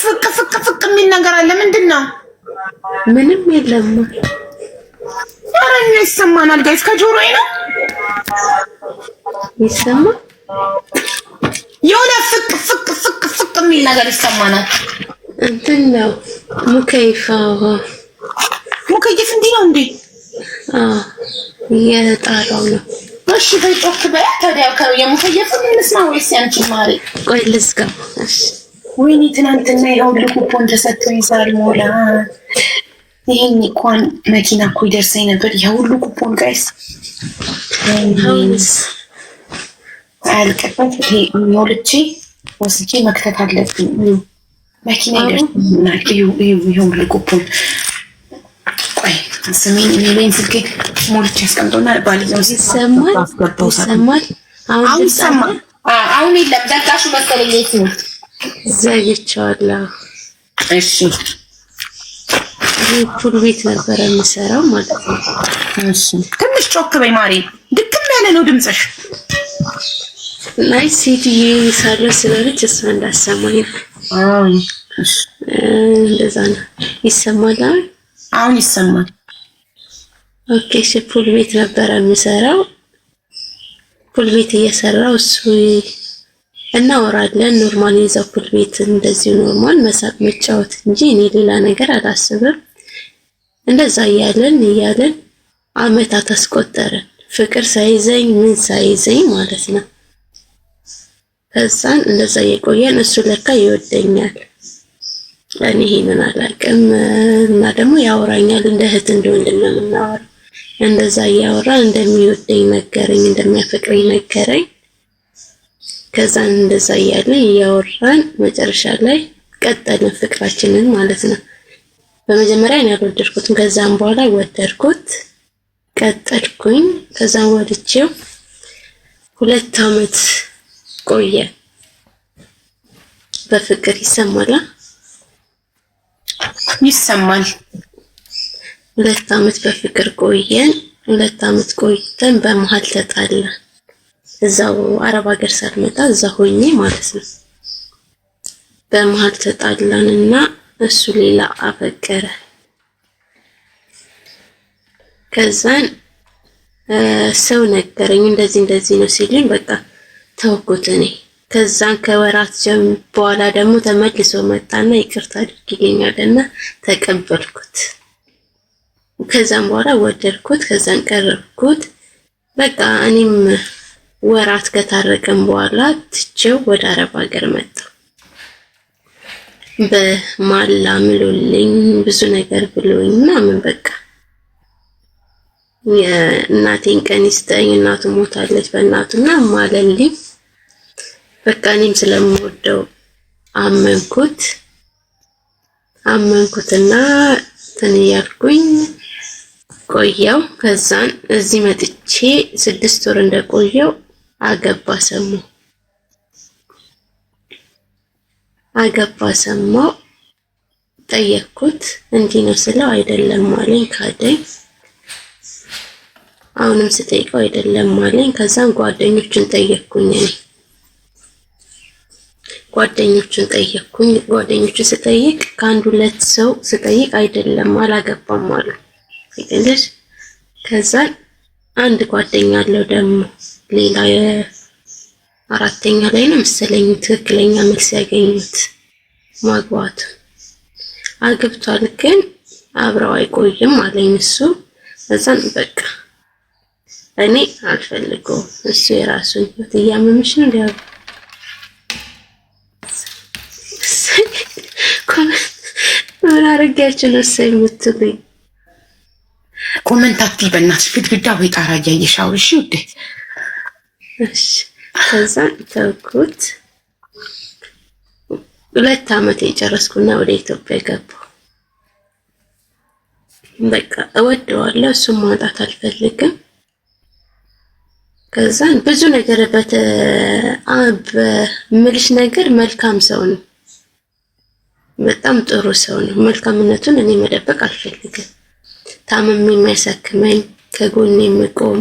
ፍቅ ፍቅ ፍቅ የሚል ነገር አለ። ምንድን ነው? ምንም የለም። ኧረ እኛ ይሰማናል። ጋይስ ከጆሮዬ ነው ይሰማ። የሆነ ፍቅ ፍቅ ፍቅ ፍቅ የሚል ነገር ይሰማናል። እንትን ነው ሙከይፍ ሙከይፍ እንዲህ ነው እንዴ? እየጣራው ነው። እሺ በጮክ በያ ታዲያ የሙከይፍ እንስማ ወይስ ያንቺ ማሪ? ቆይ ልዝጋ። እሺ ወይኔ ትናንትና ይኸው ልኩፖን ተሰጥቶ ይዛል ሞላ ይህን እንኳን መኪና እኮ ይደርሰኝ ነበር። የሁሉ ሁሉ ኩፖን ጋይስ አያልቅበት። ይሄ ሞልቼ ወስጄ መክተት አለብኝ። መኪና ይደርሰኛል። ይሄ ኩፖን ቆይ ስሜን ኢሜሌን ስልኬ ሞልቼ ያስቀምጠውና ባልየው ይሰማል። አሁን ይሰማል። አሁን የለም ደጋሹ መሰለኝ የት ነው ዘግቼዋለሁ። እሺ ፑል ቤት ነበረ የምሰራው ማለት ነው። ትንሽ ጮክ በይ ማሪ፣ ድክም ያለ ነው ድምፅሽ። ናይ ሴትዬ ሳለ ስለሆነች እሷ እንዳሰማኝ እንደዛ ነው። ይሰማል፣ አሁን ይሰማል። ኦኬ። እሺ ፑል ቤት ነበረ ፑል ቤት እየሰራው እሱ እናወራለን። ኖርማል የዛኩል ቤት እንደዚሁ ኖርማል መሳቅ መጫወት እንጂ እኔ ሌላ ነገር አላስብም። እንደዛ እያለን እያለን አመታት አስቆጠረን። ፍቅር ሳይዘኝ ምን ሳይዘኝ ማለት ነው። ከዛን እንደዛ እየቆየን እሱ ለካ ይወደኛል፣ እኔ ይሄንን አላውቅም። እና ደግሞ ያወራኛል፣ እንደ እህት እንደ ወንድም ነው የምናወራው። እንደዛ እያወራ እንደሚወደኝ ነገረኝ፣ እንደሚያፈቅረኝ ነገረኝ። ከዛ እንደዛ እያለን እያወራን መጨረሻ ላይ ቀጠለ ፍቅራችንን ማለት ነው። በመጀመሪያ እኔ አልወደድኩትም። ከዛም በኋላ ወደድኩት፣ ቀጠልኩኝ። ከዛም ወድቼው ሁለት ዓመት ቆየ። በፍቅር ይሰማላ ይሰማል። ሁለት ዓመት በፍቅር ቆየን። ሁለት ዓመት ቆይተን በመሀል ተጣላ። እዛው አረብ ሀገር ሳልመጣ እዛ ሆኜ ማለት ነው። በመሀል ተጣላንና እሱ ሌላ አፈቀረ። ከዛን ሰው ነገረኝ እንደዚህ እንደዚህ ነው ሲልኝ በቃ ተውኩት እኔ። ከዛን ከወራት በኋላ ደግሞ ተመልሶ መጣና ይቅርታ ይገኛልና ተቀበልኩት። ከዛም በኋላ ወደድኩት። ከዛን ቀረብኩት። በቃ እኔም ወራት ከታረቀም በኋላ ትቼው ወደ አረብ ሀገር መጣሁ። በማላ ምሎልኝ ብዙ ነገር ብሎኝ ምናምን በቃ የእናቴን ቀን ይስጠኝ፣ እናቱ ሞታለች፣ በእናቱና ማለልኝ። በቃ እኔም ስለምወደው አመንኩት አመንኩትና እንትን ቆየው። ከዛን እዚህ መጥቼ ስድስት ወር እንደቆየው አገባ ሰማው አገባ ሰማው ጠየቅኩት። እንዲህ ነው ስለው አይደለም አለኝ። ካደኝ። አሁንም ስጠይቀው አይደለም አለኝ። ከዛም ጓደኞቹን ጠየቅኩኝ እኔ ጓደኞቹን ጠየቅኩኝ። ጓደኞቹን ስጠይቅ ከአንድ ሁለት ሰው ስጠይቅ አይደለም አላገባም አሉ። ከዛ አንድ ጓደኛ አለው ደግሞ ሌላ የአራተኛ ላይ ነው መሰለኝ ትክክለኛ መልስ ያገኙት ማግባት አግብቷል፣ ግን አብረው አይቆይም አለኝ እሱ። እዛን በቃ እኔ አልፈልገውም እሱ የራሱን ህይወት እያመመሽ ነው ያ ምን አረጋችሁ ነው እሰይ የምትሉኝ? ኮመንት አትይ በእናትሽ ግድግዳ ወይ ጣራ እያየሽ አውሪ እሺ ውዴ ከዛ ተውኩት። ሁለት ዓመት የጨረስኩና ወደ ኢትዮጵያ ገባሁ። በቃ እወደዋለሁ፣ እሱም ማውጣት አልፈልግም። ከዛን ብዙ ነገር በምልሽ ነገር መልካም ሰው ነው፣ በጣም ጥሩ ሰው ነው። መልካምነቱን እኔ መደበቅ አልፈልግም። ታምሜ የሚያሳክመኝ ከጎን የሚቆም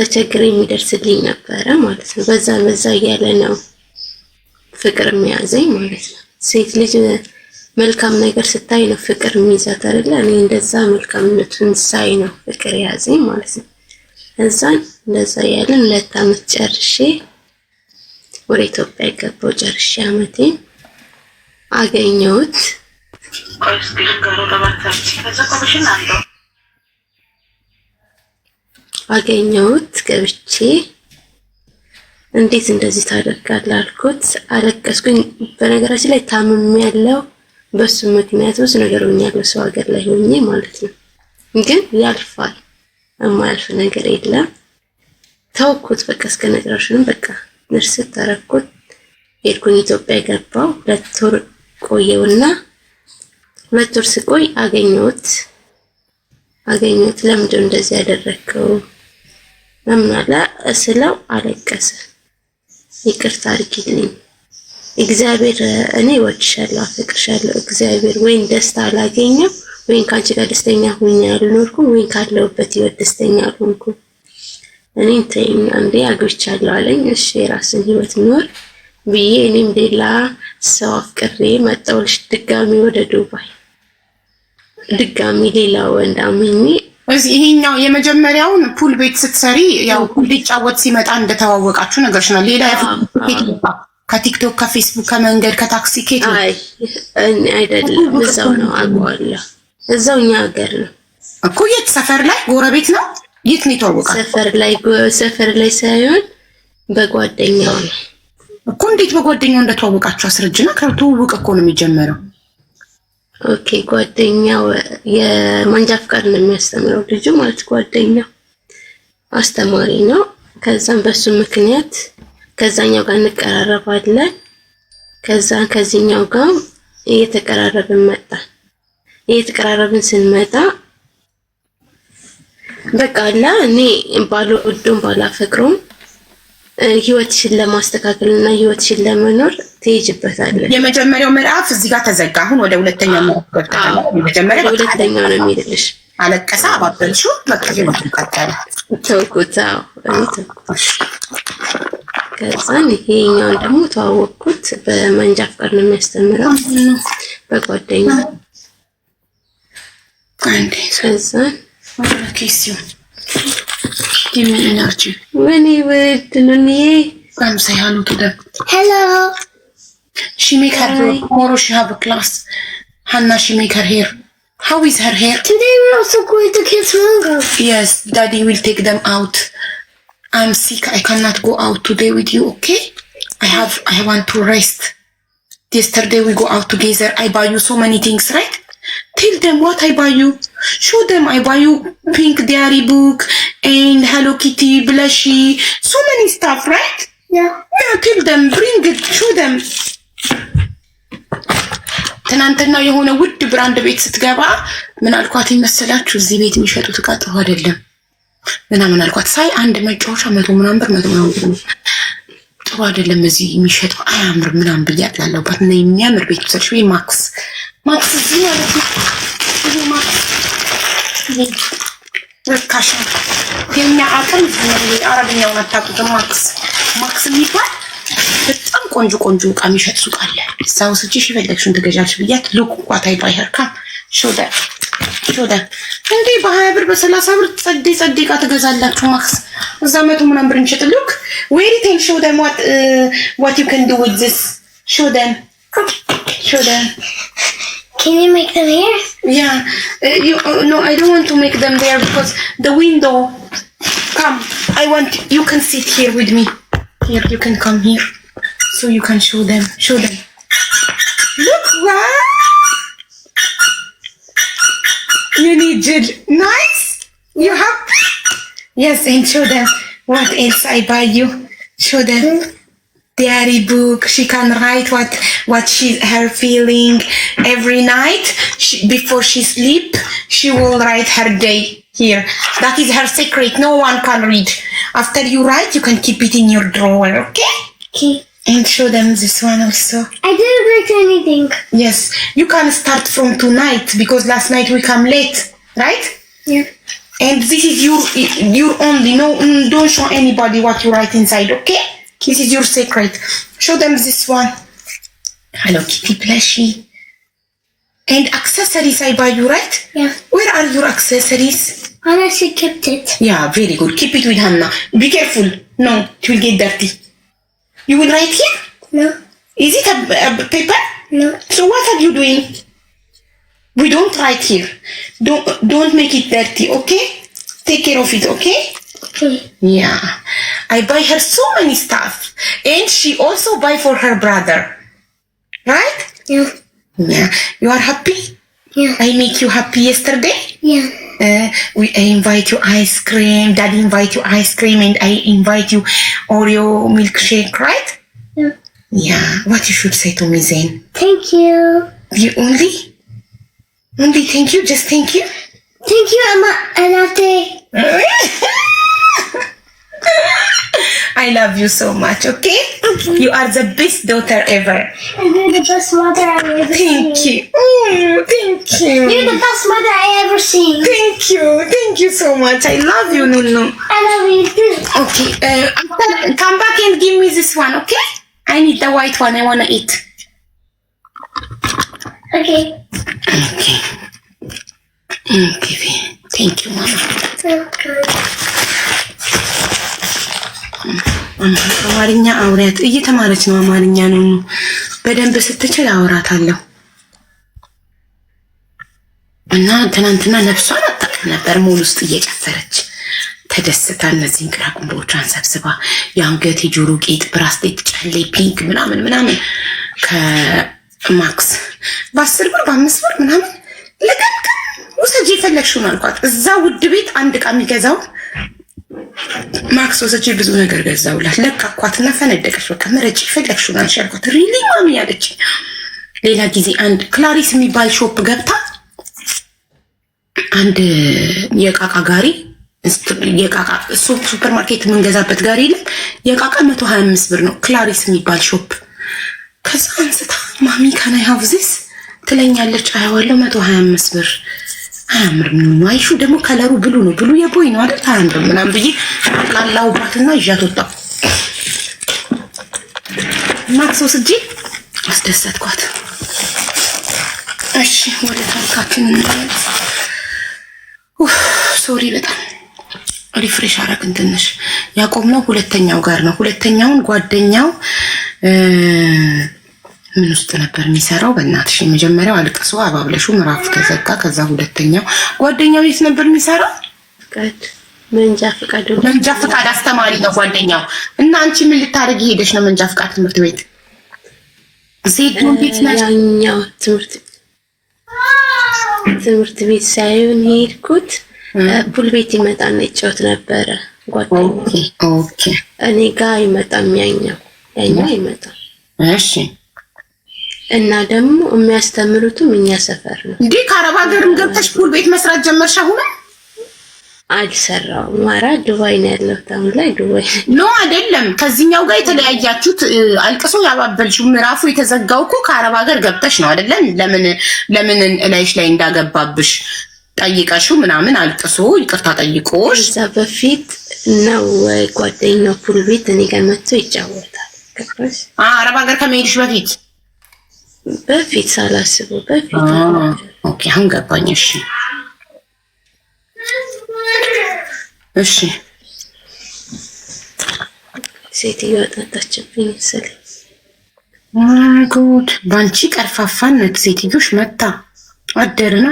ተቸግር የሚደርስልኝ ነበረ ማለት ነው። በዛ በዛ እያለ ነው ፍቅር የሚያዘኝ ማለት ነው። ሴት ልጅ መልካም ነገር ስታይ ነው ፍቅር የሚይዛት አይደለ? እኔ እንደዛ መልካምነቱን ሳይ ነው ፍቅር የያዘኝ ማለት ነው። እዛን እንደዛ እያለን ሁለት አመት ጨርሼ ወደ ኢትዮጵያ የገባው ጨርሼ ዓመቴን አገኘሁት። አገኘሁት ገብቼ እንዴት እንደዚህ ታደርጋለህ አልኩት። አለቀስኩኝ። በነገራችን ላይ ታምም ያለው በሱ ምክንያት ብዙ ነገር ያለው ሰው ሀገር ላይ ሆኜ ማለት ነው። ግን ያልፋል፣ የማያልፍ ነገር የለም። ተውኩት በቃ እስከ ነግራሽንም በቃ ንርስ ተረኩት። ሄድኩኝ ኢትዮጵያ ገባው። ሁለት ወር ቆየውና ሁለት ወር ስቆይ አገኘሁት አገኘሁት። ለምንድን እንደዚህ ያደረግከው በምናለ ስለው አለቀሰ። ይቅርታ አድርጊልኝ እግዚአብሔር፣ እኔ እወድሻለሁ፣ አፈቅርሻለሁ። እግዚአብሔር ወይም ደስታ አላገኘም ወይም ካንቺ ጋር ደስተኛ ሁኝ አልኖርኩም ወይም ካለውበት ህይወት ደስተኛ አልሆንኩም። እኔም ተይኝ አንዴ አግብቻለሁ አለኝ። እሺ የራስን ህይወት ኖር ብዬ እኔም ሌላ ሰው አፍቅሬ መጣሁልሽ ድጋሚ ወደ ዱባይ ድጋሚ ሌላ ወንድ አምኜ ይሄኛው የመጀመሪያውን ፑል ቤት ስትሰሪ ያው ፑል ሊጫወት ሲመጣ እንደተዋወቃችሁ ነው። ሌላ ከቲክቶክ ከፌስቡክ ከመንገድ ከታክሲ ኬት አይደለም፣ እዛው ነው አውቀዋለሁ። እዛው እኛ ሀገር ነው እኮ። የት ሰፈር ላይ? ጎረቤት ነው? የት ነው የተዋወቃል? ሰፈር ላይ ሰፈር ላይ ሳይሆን በጓደኛው ነው እኮ። እንዴት በጓደኛው እንደተዋወቃችሁ አስረጅና። ከትውውቅ እኮ ነው የሚጀመረው ኦኬ ጓደኛው የማንጃ ፍቃድ ነው የሚያስተምረው ልጁ ማለት ጓደኛው አስተማሪ ነው። ከዛም በሱ ምክንያት ከዛኛው ጋር እንቀራረባለን። ከዛ ከዚህኛው ጋር እየተቀራረብን መጣ። እየተቀራረብን ስንመጣ በቃ አላ እኔ ባልወዱም ባላፈቅሩም ህይወትሽን ለማስተካከልና ህይወትሽን ለመኖር ትሄጅበታለህ። የመጀመሪያው ምዕራፍ እዚህ ጋር ተዘጋ። አሁን ወደ ሁለተኛው ምዕራፍ ገብተናል። ሁለተኛው ነው አለቀሰ አባበልሹ መቀሌ ተውኩት። ከዛን ይሄኛውን ደግሞ ተዋወቅኩት። በመንጃ ፍቃድ ነው የሚያስተምረው በጓደኛ ሄሎ She make her hair. tomorrow. She have a class. Hannah, she make her hair. How is her hair? Today we're also going to kiss Mungo. Yes, Daddy will take them out. I'm sick. I cannot go out today with you. Okay? I have. I want to rest. Yesterday we go out together. I buy you so many things, right? Tell them what I buy you. Show them I buy you pink diary book and Hello Kitty blushy. So many stuff, right? Yeah. Yeah. Tell them. Bring it. Show them. ትናንትና የሆነ ውድ ብራንድ ቤት ስትገባ ምን አልኳት ይመስላችሁ? እዚህ ቤት የሚሸጡት እቃ ጥሩ አይደለም ምናምን አልኳት። ሳይ አንድ መጫወቻ መቶ ምናምን ብር መቶ ምናምን ጥሩ አይደለም እዚህ የሚሸጠው አያምር ምናምን ብዬ አጥላለሁባት እና የሚያምር ቤት ውሰድ ወይ ማክስ ማክስ እዚህ ማለት ነው ማክስ ርካሽ የኛ አቅም አረብኛውን አታውቁትም። ማክስ ማክስ የሚባል ቆንጆ ቆንጆ እቃ የሚሸጥ ሱቅ አለ። እዛ ውስጅሽ የፈለግሽውን ትገዣለሽ ብያት ሉክ ዋት አይ ባይ ሄር ካም ሾው ዳት ሾው ዳት እንዴ በሀያ ብር በሰላሳ ብር ጸዴ ጸዴ እቃ ትገዛላችሁ። ማክስ እዛ መቶ ምናምን ብር እንሸጥ ሉክ ዌሪ ቴን ሾው ደም ዋት ዋት ዩ ከን ዱ ዊዝ ዚስ ሾው ደም ሾው ደም Can you make them here? Yeah. Uh, you, uh, no, I don't want to make them there because the window. Come, I want you can sit here with me. Here, you can come here so you can show them. Show them. Look what you need. it, nice. You have yes, and show them what else I buy you. Show them diary hmm? book. She can write what what she her feeling every night she, before she sleep. She will write her day here. That is her secret. No one can read. After you write, you can keep it in your drawer. Okay. Okay and show them this one also. I didn't break anything. Yes, you can start from tonight because last night we come late, right? Yeah. And this is your your only. No, mm, don't show anybody what you write inside. Okay? This is your secret. Show them this one. Hello Kitty plushie. And accessories I buy you, right? Yeah. Where are your accessories? Hannah, she kept it. Yeah, very good. Keep it with Hannah. Be careful. No, it will get dirty. You will write here? No. Is it a, a paper? No. So what are you doing? We don't write here. Don't don't make it dirty, okay? Take care of it, okay? Okay. Yeah. I buy her so many stuff. And she also buy for her brother. Right? Yeah. Yeah. You are happy? Yeah. I make you happy yesterday? Yeah uh, we I invite you ice cream, daddy invite you ice cream, and I invite you Oreo milkshake, right? Yeah. Yeah. What you should say to me Zain? Thank you. You only? Only thank you, just thank you? Thank you, Emma, and after. I love you so much, okay? okay? You are the best daughter ever. you're the best mother I ever thank seen. You. Mm, thank you. You're the best mother I ever seen. Thank you. Thank you so much. I love you, Nunu. I love you too. Okay. Uh, come back and give me this one, okay? I need the white one. I want to eat. Okay. Okay. Okay. Mm, thank you, Mama. Okay. አማርኛ አውሪያት። እየተማረች ነው አማርኛ ነው። በደንብ ስትችል አውራታለሁ። እና ትናንትና ነፍሷን አታውቅም ነበር። ሞል ውስጥ እየጨፈረች ተደስታ እነዚህን ግራ ቁንቦቿን ሰብስባ የአንገት የጆሮ ጌጥ፣ ብራስሌት፣ ጨሌ፣ ፒንክ ምናምን ምናምን ከማክስ በአስር ብር በአምስት ብር ምናምን ለቀምቀም ውሰጅ የፈለግሽውን አልኳት። እዛ ውድ ቤት አንድ እቃ የሚገዛውን ማክስ ወሰች ብዙ ነገር ገዛውላት ለቃኳትና ፈነደቀች። በቃ መረጭ ፈለግሽውን አንቺ አልኳት። ሪሊ ማሚ ያለች። ሌላ ጊዜ አንድ ክላሪስ የሚባል ሾፕ ገብታ አንድ የቃቃ ጋሪ የቃቃ ሱፐር ማርኬት የምንገዛበት ጋሪ የለም። የቃቃ መቶ ሀያ አምስት ብር ነው ክላሪስ የሚባል ሾፕ። ከዛ አንስታ ማሚ ከናይ ሀብዚስ ትለኛለች። አያዋለው መቶ ሀያ አምስት ብር አያምርም። አይሹ ደግሞ ከለሩ ብሉ ነው፣ ብሉ የቦይ ነው አይደል? አያምርም ምናምን ብዬ ላላውባትና ይዣት ወጣሁ። ማክሶስ እጂ አስደሰትኳት። እሺ ወደ ታሪካችን እንመለስ። ሶሪ በጣም ሪፍሬሽ አረግን። ትንሽ ያቆምነው ሁለተኛው ጋር ነው። ሁለተኛውን ጓደኛው ምን ውስጥ ነበር የሚሰራው? በእናትሽ የመጀመሪያው አልቅሶ አባብለሹ ምዕራፍ ተዘጋ። ከዛ ሁለተኛው ጓደኛው የት ነበር የሚሰራው? ፍቃድ መንጃ ፍቃድ መንጃ ፍቃድ አስተማሪ ነው ጓደኛው። እና አንቺ ምን ልታደርጊ ሄደሽ ነው መንጃ ፍቃድ ትምህርት ቤት? ሴቱን ቤት ናኛው ትምህርት ትምህርት ቤት ሳይሆን ሄድኩት ፑል ቤት ይመጣና ይጫወት ነበረ ጓደኛው። ኦኬ ኦኬ። እኔ ጋር ይመጣም ያኛው ያኛው ይመጣ እሺ እና ደግሞ የሚያስተምሩትም እኛ ሰፈር ነው። እንዲህ ከአረብ ሀገርም ገብተሽ ፑል ቤት መስራት ጀመርሽ? አሁን አልሰራውም። ማራ ዱባይ ነው ያለሁት አሁን ላይ ዱባይ ኖ አይደለም። ከዚህኛው ጋር የተለያያችሁት አልቅሶ ያባበልሽው ምዕራፉ የተዘጋው እኮ ከአረብ ሀገር ገብተሽ ነው አይደለም? ለምን ለምን እላይሽ ላይ እንዳገባብሽ ጠይቀሽው ምናምን አልቅሶ ይቅርታ ጠይቆሽ እዛ በፊት ነው ጓደኛው ፑል ቤት እኔ ጋር መጥቶ ይጫወታል። አረብ ሀገር ከመሄድሽ በፊት በፊት ሳላስበው በፊት አሁን ገባኝ። እሺ፣ እሺ። ሴትዮ አጣጣችብኝ መሰለኝ። ጉድ! ባንቺ ቀርፋፋነት ሴትዮሽ መታ አደርና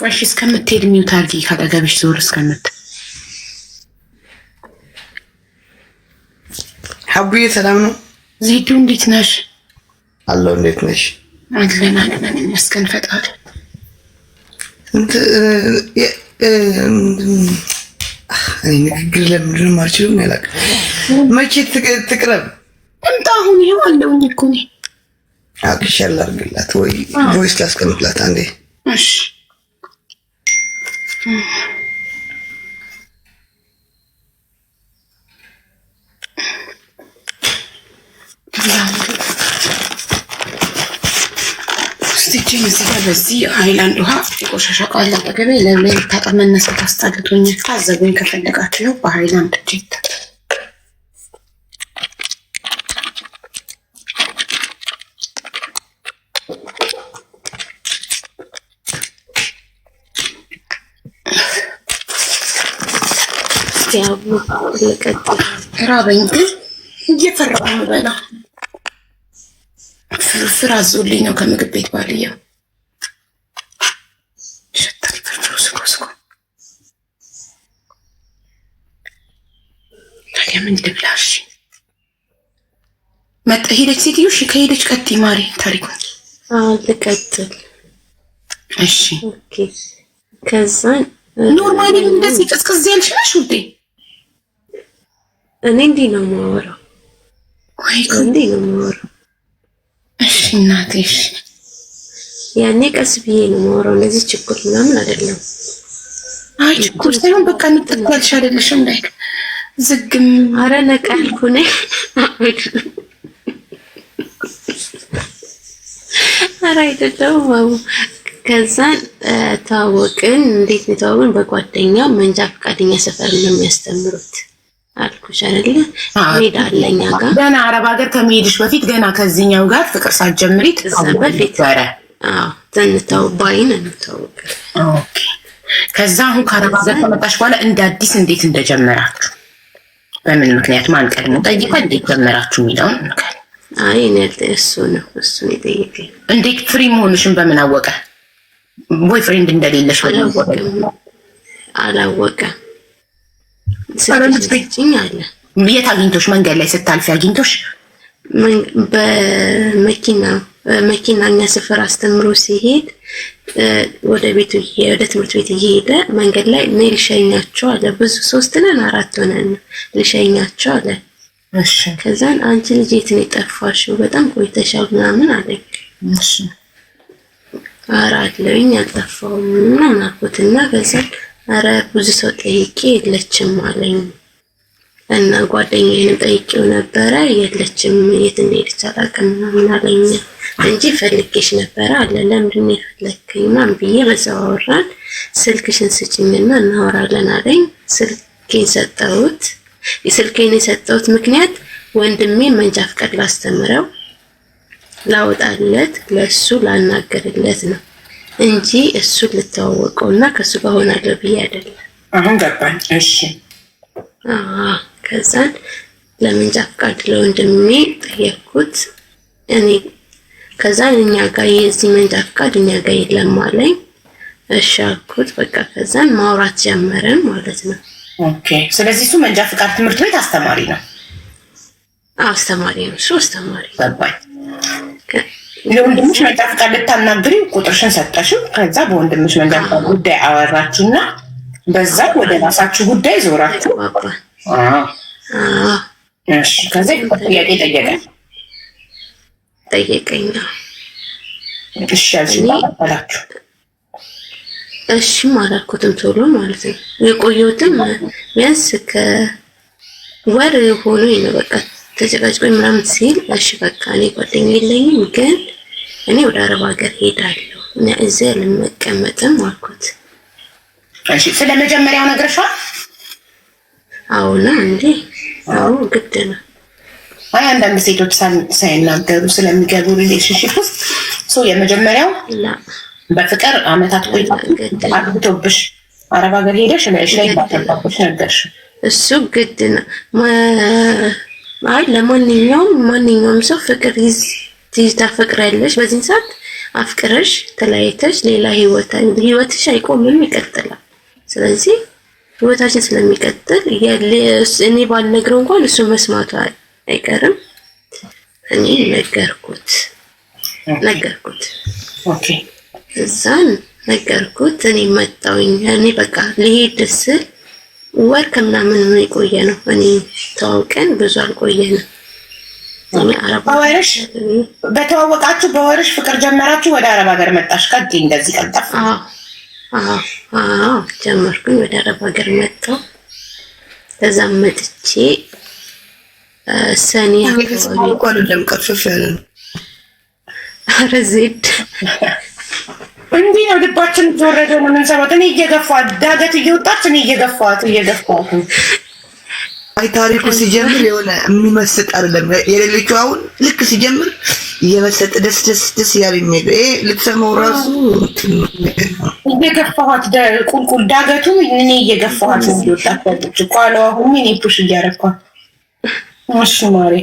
ቆሽ እስከምትሄድ ሚውት አድርጊ፣ ካጠገብሽ ዞር እስከምትል ሀቡዬ ሰላም ነው? ዜዱ እንዴት ነሽ? አለው እንዴት ነሽ? አለን አለን ይመስገን ፈጣሪ። ንግግር ለምንድን ማልችልም ያላቅ መቼ ትቅረብ እንጣ አሁን ይኸው አለውኝ እኮ እኔ አቅሽ ያላርግላት ወይ ቮይስ ላስቀምጥላት አንዴ እሺ ስቲችን እዚህ ጋር በዚህ ሃይላንድ ውሃ የቆሻሻ ቃል አጠገቤ ለምን ታጠብ መነሳት አስጠልቶኛል። ታዘቡኝ ከፈለጋችሁ በሃይላንድ ጄት ራበኝ ግን እየፈራሁ ነው በላ ፍርፍር አዞልኝ ነው ከምግብ ቤት ባልየው ይሸታል። ፍርፍሩ ስጎ ስጎ ታዲያ ምን ልብላ? እሺ ሄደች ሴትዮ። እሺ ከሄደች ቀጥ ማሪ ታሪኩን ልቀጥል። እሺ ከዛ ኖርማሊ እንደዚህ ቅዝቅዝ ያልሽ ነሽ ውዴ? እኔ እንዲህ ነው የማወራው፣ እንዲህ ነው የማወራው እናትሽ ያኔ ቀስ ብዬ ነው የማወራው። እንደዚህ ችኩል ምናምን አይደለም። አይ ችኩል ሳይሆን በቃ ምጥቅልሽ አይደለሽም። ላይ ዝግም አረ ነቃልኩ ነ አረ አይደለም። ዋው ከዛን ተዋወቅን። እንዴት ነው ተዋወቅን? በጓደኛ መንጃ ፈቃደኛ ሰፈር ነው የሚያስተምሩት አልኩሽ አይደለ? ሄዳለኛ ጋር ገና አረብ ሀገር ከመሄድሽ በፊት ገና ከዚህኛው ጋር ፍቅር ሳትጀምሪ በፊት ዘንተው ባይን እንተው። ከዛ አሁን ከአረብ ሀገር ከመጣሽ በኋላ እንደ አዲስ እንዴት እንደጀመራችሁ በምን ምክንያት ማን ቀድሞ ጠይቀ እንዴት ጀመራችሁ የሚለውን ነገር። አይ እሱ ነው እሱን የጠየቀኝ። እንዴት ፍሪ መሆንሽን በምን አወቀ? ቦይፍሬንድ እንደሌለሽ አላወቀም። ስትጭኝ አለ። የት አግኝቶሽ? መንገድ ላይ ስታልፊ አግኝቶሽ? በመኪና መኪና እኛ ስፍር አስተምሮ ሲሄድ ወደ ቤቱ ወደ ትምህርት ቤት እየሄደ መንገድ ላይ እኔ ልሸኛቸው አለ። ብዙ ሶስት ነን አራት ሆነን ልሸኛቸው አለ። ከዛን አንቺ ልጅ የት ነው የጠፋሽው? በጣም ቆይተሻል ምናምን አለኝ። ኧረ አለሁኝ አልጠፋሁም ምናምን አልኩትና ከዛን አረ ብዙ ሰው ጠይቄ የለችም አለኝ እና ጓደኛዬንም ጠይቄው ነበረ የለችም፣ የት እንደሄደች አላውቅም ምናምን አለኝ እንጂ ፈልጌሽ ነበረ አለ። ለምንድን ነው የፈለግከኝ ምናምን ብዬ በዛው አወራን። ስልክሽን ስጭኝና እናወራለን አለኝ። ስልኬን ሰጠሁት። የስልኬን የሰጠሁት ምክንያት ወንድሜ መንጃ ፍቃድ ላስተምረው ላውጣለት ለሱ ላናገርለት ነው። እንጂ እሱን ልተዋወቀው እና ከእሱ ጋር ሆናለሁ ብዬ አይደለም። አሁን ገባኝ። እሺ ከዛን ለመንጃ ፈቃድ ለወንድሜ ጠየቅኩት እኔ ከዛን እኛ ጋር የዚህ መንጃ ፈቃድ እኛ ጋር የለም አለኝ። እሺ አልኩት። በቃ ከዛን ማውራት ጀመረን ማለት ነው። ኦኬ። ስለዚህ እሱ መንጃ ፈቃድ ትምህርት ቤት አስተማሪ ነው። አስተማሪ ነው እሱ አስተማሪ ገባኝ። ለወንድምሽ መጫፍቃ ልታናግሪ ቁጥርሽን ሰጠሽው። ከዛ በወንድምሽ መጫፍቃ ጉዳይ አወራችሁና በዛ ወደ ራሳችሁ ጉዳይ ዞራችሁ ከዚ ጥያቄ ጠየቀ እሺ እሺም አላልኩትም ቶሎ ማለት ነው የቆየሁትም ቢያንስ ከወር ሆኖ ነው። በቃ ተጨቃጭቆኝ ምናምን ሲል እሺ በቃ እኔ ጓደኛ የለኝም ግን እኔ ወደ አረብ ሀገር ሄዳለሁ እና እዚያ ልንመቀመጥም አልኩት። እሺ፣ ስለ መጀመሪያው ነግረሽዋል? አዎና፣ እንዴ፣ አዎ፣ ግድ ነው። አይ አንዳንድ ሴቶች ሳይናገሩ ስለሚገቡ ሪሌሽንሽፕ ውስጥ ሰው የመጀመሪያው በፍቅር አመታት ቆይታ አግብቶብሽ አረብ ሀገር ሄደሽ ላይሽ ላይ ባተባብሽ ነገርሽ፣ እሱ ግድ ነው። አይ ለማንኛውም ማንኛውም ሰው ፍቅር ይዝ ትይዝ ታፈቅሪያለሽ። በዚህ ሰዓት አፍቅረሽ ተለያይተሽ ሌላ ህይወት ህይወትሽ አይቆምም ይቀጥላል። ስለዚህ ህይወታችን ስለሚቀጥል እኔ ባልነግረው እንኳን እሱ መስማቱ አይቀርም። እኔ ነገርኩት ነገርኩት ኦኬ፣ እዛን ነገርኩት። እኔ መጣውኝ እኔ በቃ ልሄድ ስል ወር ከምናምን የቆየ ነው። እኔ ተዋውቀን ብዙ አልቆየንም። በወርሽ በተዋወቃችሁ በወርሽ ፍቅር ጀመራችሁ፣ ወደ አረብ ሀገር መጣሽ። ቀጥ እንደዚህ ቀጠፍ ጀመርኩኝ። ወደ አረብ ሀገር መጣሁ። ከዛም መጥቼ ሰኔ አካባቢ ኧረ ዜድ እንዲህ ነው ልባችን ተወረደ ነው እኔ እየገፋት ዳገት እየወጣች እኔ እየገፋት እየገፋት አይ ታሪኩ ሲጀምር የሆነ የሚመስጥ አይደለም። የሌለችው አሁን ልክ ሲጀምር እየመሰጠ ደስ ደስ ደስ እያለ የሚሄድ ይሄ ልትሰማው ራሱ እየገፋኋት ቁልቁል ዳገቱ እኔ እየገፋኋት እንዲወጣበት ቋለዋ አሁን እኔ ፑሽ እያረኳት እሺ ማሬ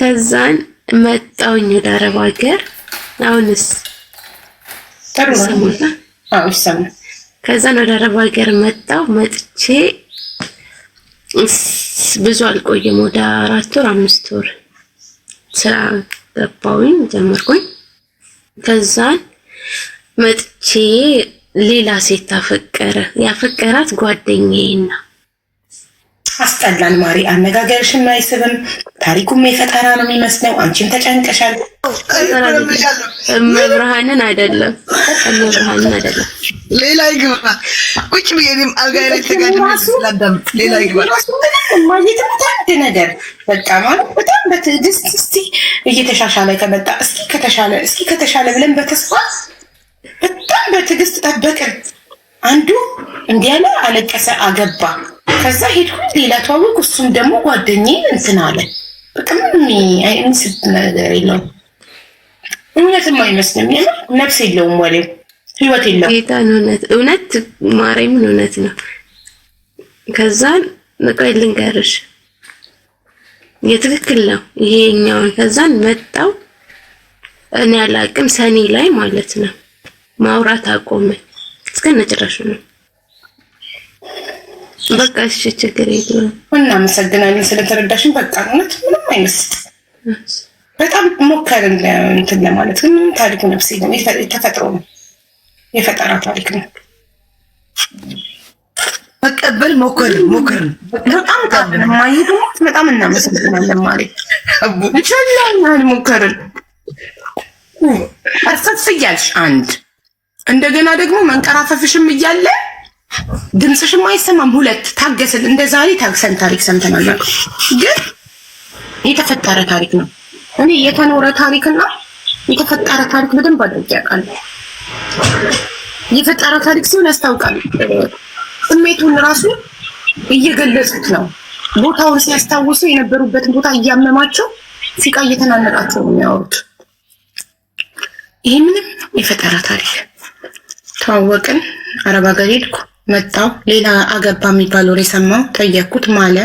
ከዛን መጣውኝ ወደ አረብ ሀገር። አሁንስ ሰሙ ከዛን ወደ አረብ ሀገር መጣው መጥቼ ብዙ አልቆየም። ወደ አራት ወር አምስት ወር ስራ ገባሁኝ ጀመርኩኝ። ከዛን መጥቼ ሌላ ሴት አፈቀረ። ያፈቀራት ጓደኛዬና አስጠላን ማሪ፣ አነጋገርሽም አይስብም። ታሪኩም የፈጠራ ነው የሚመስለው። አንቺም ተጨንቀሻል። መብርሃንን አይደለም መብርሃንን አይደለም ሌላ ይግባ። ቁጭ ብዬም አልጋ ላይ ተጋድሜ ሌላ ይግባ። ማየት ነገር በቃ ማለት በጣም በትዕግስት እስቲ እየተሻሻለ ከመጣ እስኪ ከተሻለ እስኪ ከተሻለ ብለን በተስፋ በጣም በትዕግስት ጠበቅን። አንዱ እንዲያለ አለቀሰ አገባ ከዛ ሄድኩኝ ሌላ ተዋወቅ። እሱም ደግሞ ጓደኛዬን እንትን አለ። በቃ ምንም የሚስብ ነገር የለውም። እውነትም አይመስልም። የምር ነፍስ የለውም፣ ወሬው ህይወት የለውም። ጌታን እውነት እውነት ማርያምን እውነት ነው። ከዛ መቆይ ልንገርሽ የትክክል ነው ይሄኛውን። ከዛን መጣው እኔ አላቅም ሰኔ ላይ ማለት ነው ማውራት አቆመ እስከ ነጭራሹ ነው በቃ እሺ፣ ችግር የለም። እናመሰግናለን ስለተረዳሽን። በቃ እውነት ምንም አይመስል በጣም ሞከርን እንትን ለማለት ግን ምን ታሪኩ ነፍስ የለም። የተፈጥሮ ነው፣ የፈጠራ ታሪክ ነው። መቀበል ሞከር ሞከር። በጣም ማይደሞት በጣም እናመሰግናለን ማለት ይቻላል። ሞከርን አርፈፍ እያልሽ አንድ እንደገና ደግሞ መንቀራፈፍሽም እያለ ድምፅሽም አይሰማም። ሁለት ታገሰን፣ እንደ ዛሬ ታግሰን ታሪክ ሰምተናል። ግን የተፈጠረ ታሪክ ነው። እኔ የተኖረ ታሪክና የተፈጠረ ታሪክ በደንብ አድርጌ ያውቃል። የፈጠረ ታሪክ ሲሆን ያስታውቃል። ስሜቱን ራሱ እየገለጹት ነው። ቦታውን ሲያስታውሱ የነበሩበትን ቦታ እያመማቸው ሲቃ እየተናነቃቸው ነው የሚያወሩት። ይህ ምንም የፈጠረ ታሪክ። ተዋወቅን፣ አረብ ሀገር ሄድኩ። መጣው ሌላ አገባ የሚባል ወሬ ሰማሁ ጠየቅኩት ማለ